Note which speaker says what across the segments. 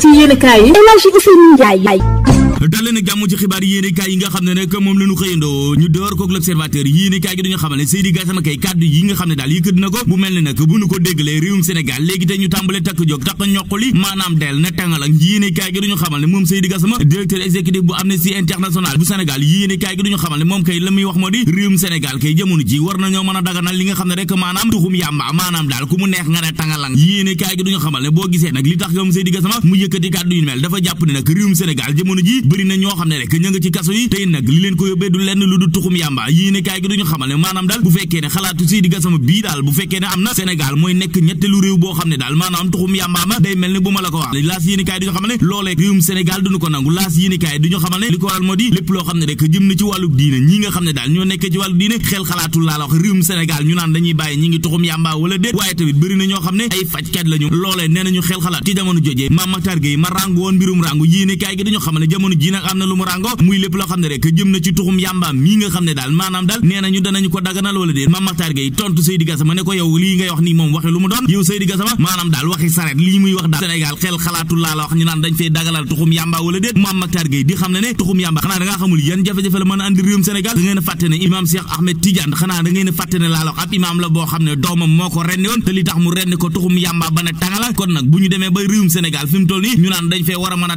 Speaker 1: ci yéen kaay yi El Hadji Ousseynou Ndiaye dal leen ak jàmm ci xibaar yéenekaay yi nga xam ne nag moom la gi duñu xamal ne Seydi Gassama kay kàddu yi nga bu mel ne bu ñu ko déglee gi duñu xamal ne a daganal li boo gisee nag li tax moom Seydi Gassama mu yëkkati kàddu yu mel dafa jàpp ne nag réewum Sénégal jamono ji bëri na ñoo xam ne rek ña nga ci kaso yi tey nag li leen ko yóbbee du lenn lu du tuxum yàmba yéene kaay gi duñu ne maanaam daal bu fekkee ne xalaatu si di gasama bii daal bu fekkee ne am na Sénégal mooy nekk ñetteelu réew boo xam ne daal maanaam tuxum yàmbaa loo xam ne rek jëm na ci wàllu diine ñi nga xam ne daal ñoo ci wàllu diine xel xalaatul laa la wax réewum Sénégal ñu naan dañuy bàyyi ñi ngi tuxum yàmbaa wala déet waaye tamit bëri na ñoo xam ne ay fajkat lañu loolee nee nañu xel xalaat ci jamono jojee Mame Mactar Gueye ma ràngu woon mbirum ràngu yéene gi duñu xamal ne jamono jamono ji nag am na lu mu ràngo muy lépp loo xam ne rek jëm na ci tuxum yàmbaam mii nga xam ne daal maanaam daal nee nañu danañu ko daganal wala déet Mame Mactar Gueye tontu Seydi Gassama ne ko yow lii ngay wax nii moom waxe lu mu doon yow Seydi Gassama maanaam daal waxi saret lii muy wax daal Sénégal xel xalaatu laa la wax ñu naan dañ fee dagalal tuxum yàmba wala déet Mame Mactar Gueye di xam ne ne tuxum yàmba xanaa da xamul yan jafe-jafe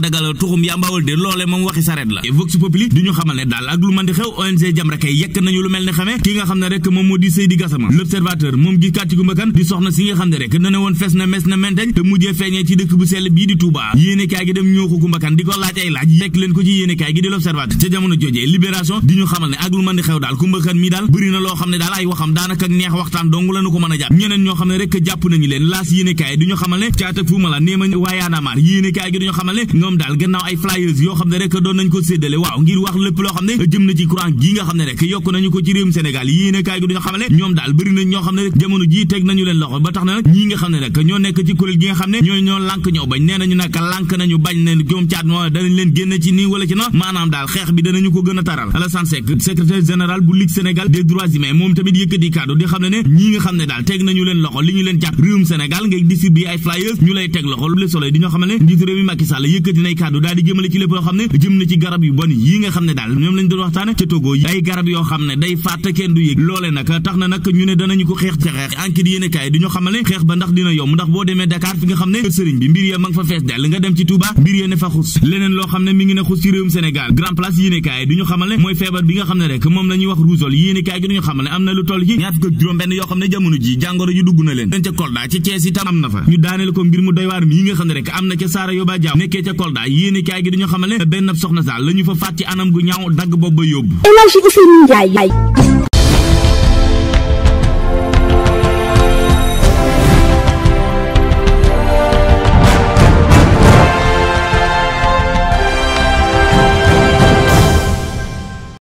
Speaker 1: a a a a a moom waxi saret la Vox Populi du ñu xamal ne daal ak lu mën di xew ONG Jamra kay yekk nañu lu mel ne xamee ki nga xam ne rek moom daal a gannaaw ay flyers yoo xam ne ne rek doon nañ ko séddale waaw ngir wax lépp loo xam ne jëm na ci courant gi nga xam ne rek yokk nañu ko ci réewum Sénégal yéene kaay gi leen génn ci nii wala ci na maanaam daal xeex bi danañu ko gën a taral Alassane Seck secrétaire bu Ligue Sénégal des droits humains moom tamit yëkkati kàddu di xam ne ne ñii nga xam ne daal teg nañu leen loxo li ñu leen jàpp réewum Sénégal ngay distribuer ay flyers ñu lay teg loxo Le Soleil di ñoo xam ne jëm na ci garab yu bon yi nga xam ne daal ñoom lañ doon waxtaane ca Togo ay garab yoo xam ne day fàtte kenn du yëg loole nag tax na nag ñu ne danañu ko xeex ca xeex enquête du ñu xamale xam ne kër sëriñ bi mbir ya ma nga fa fees dell nga dem ci Touba mbir ya nga xam ne rek moom la wax rougeole yéen kaay gi du ñu xamale am na lu toll ci ñaar fukk juróom benn yoo xam ne jamono ji jàngoro ji dugg na leen dañ ca Kolda ci Thiès am na fa ñu daaneel ko mbir mu doy waar mi nga xam ne rek am na ca Saara Yoba nekkee ca Kolda yéen kaay gi du ñu xamale benn soxna daal la fa faat ci anam gu ñaaw dagg boobu ba yóbbu